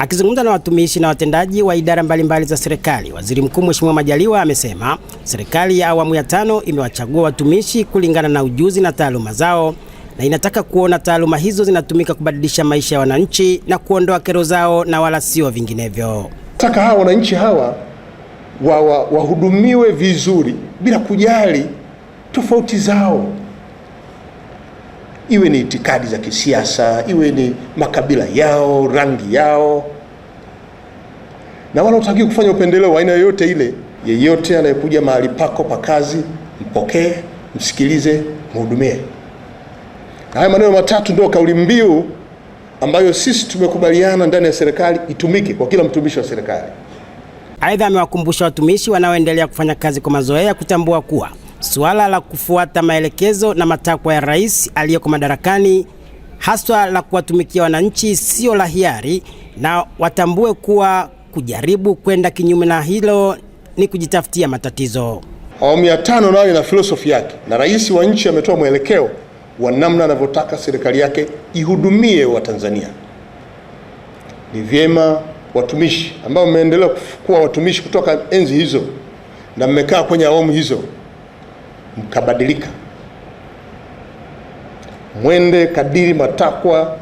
Akizungumza na watumishi na watendaji wa idara mbalimbali za serikali, Waziri Mkuu Mheshimiwa Majaliwa amesema serikali ya awamu ya tano imewachagua watumishi kulingana na ujuzi na taaluma zao na inataka kuona taaluma hizo zinatumika kubadilisha maisha ya wananchi na kuondoa kero zao na wala sio vinginevyo. Nataka hawa wananchi hawa wa, wahudumiwe vizuri bila kujali tofauti zao iwe ni itikadi za kisiasa, iwe ni makabila yao, rangi yao, na wala utaki kufanya upendeleo wa aina yoyote ile. Yeyote anayekuja mahali pako pa kazi, mpokee, msikilize, mhudumie. Na haya maneno matatu ndio kauli mbiu ambayo sisi tumekubaliana ndani ya serikali itumike kwa kila mtumishi wa serikali. Aidha, amewakumbusha watumishi wanaoendelea kufanya kazi kwa mazoea kutambua kuwa Suala la kufuata maelekezo na matakwa ya rais aliyeko madarakani, haswa la kuwatumikia wananchi, sio la hiari, na watambue kuwa kujaribu kwenda kinyume na hilo ni kujitafutia matatizo. Awamu ya tano nayo ina filosofi yake, na rais wa nchi ametoa mwelekeo wa namna anavyotaka serikali yake ihudumie Watanzania. Ni vyema watumishi ambao mmeendelea kuwa watumishi kutoka enzi hizo na mmekaa kwenye awamu hizo mkabadilika, mwende kadiri matakwa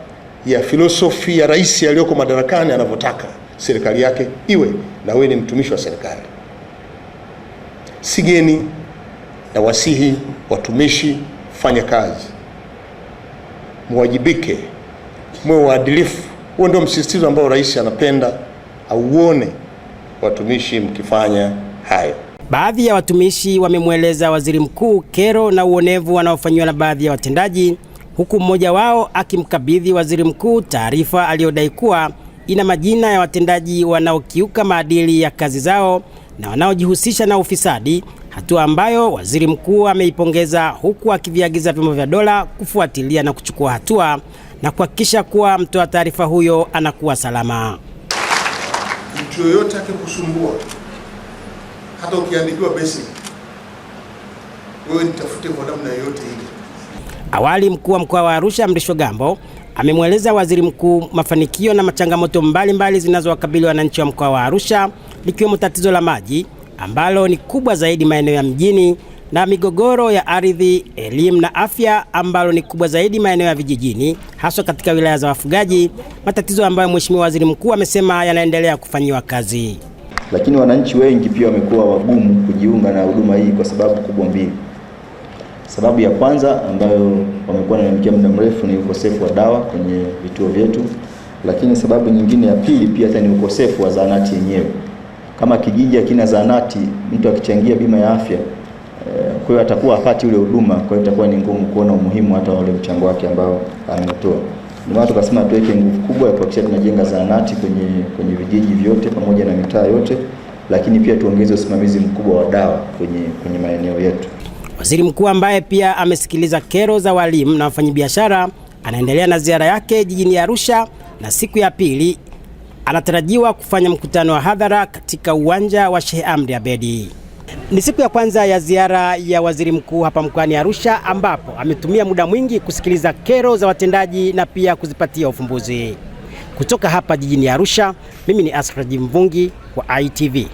ya filosofi ya rais aliyoko madarakani anavyotaka serikali yake iwe, na wewe ni mtumishi wa serikali. Sigeni na wasihi watumishi, fanya kazi, mwajibike, mwe waadilifu. Huo ndio msisitizo ambao rais anapenda auone watumishi mkifanya hayo. Baadhi ya watumishi wamemweleza waziri mkuu kero na uonevu wanaofanyiwa na baadhi ya watendaji, huku mmoja wao akimkabidhi waziri mkuu taarifa aliyodai kuwa ina majina ya watendaji wanaokiuka maadili ya kazi zao na wanaojihusisha na ufisadi, hatua ambayo waziri mkuu ameipongeza huku akiviagiza vyombo vya dola kufuatilia na kuchukua hatua na kuhakikisha kuwa mtoa taarifa huyo anakuwa salama. Mtu yoyote akikusumbua hata ukiandikiwa basi wewe nitafute kwa namna yoyote ile. Awali mkuu wa mkoa wa Arusha Mrisho Gambo amemweleza waziri mkuu mafanikio na machangamoto mbalimbali zinazowakabili wananchi wa mkoa wa Arusha likiwemo tatizo la maji ambalo ni kubwa zaidi maeneo ya mjini na migogoro ya ardhi, elimu na afya ambalo ni kubwa zaidi maeneo ya vijijini haswa katika wilaya za wafugaji, matatizo ambayo Mheshimiwa Waziri Mkuu amesema yanaendelea kufanyiwa kazi. Lakini wananchi wengi pia wamekuwa wagumu kujiunga na huduma hii kwa sababu kubwa mbili. Sababu ya kwanza ambayo wamekuwa nalalamikia muda mrefu ni ukosefu wa dawa kwenye vituo vyetu, lakini sababu nyingine ya pili pia hata ni ukosefu wa zahanati yenyewe. Kama kijiji hakina zahanati, mtu akichangia bima ya afya eh, kwa hiyo atakuwa hapati ule huduma, kwa hiyo itakuwa ni ngumu kuona umuhimu hata wale mchango wake ambao ametoa. Ndio maana tukasema tuweke nguvu kubwa ya kuhakikisha tunajenga zahanati kwenye kwenye vijiji vyote pamoja na mitaa yote, lakini pia tuongeze usimamizi mkubwa wa dawa kwenye kwenye maeneo yetu. Waziri Mkuu ambaye pia amesikiliza kero za walimu na wafanyabiashara anaendelea na ziara yake jijini Arusha na siku ya pili anatarajiwa kufanya mkutano wa hadhara katika uwanja wa Sheikh Amri Abedi. Ni siku ya kwanza ya ziara ya waziri mkuu hapa mkoani Arusha, ambapo ametumia muda mwingi kusikiliza kero za watendaji na pia kuzipatia ufumbuzi. Kutoka hapa jijini Arusha, mimi ni Asraji Mvungi wa ITV.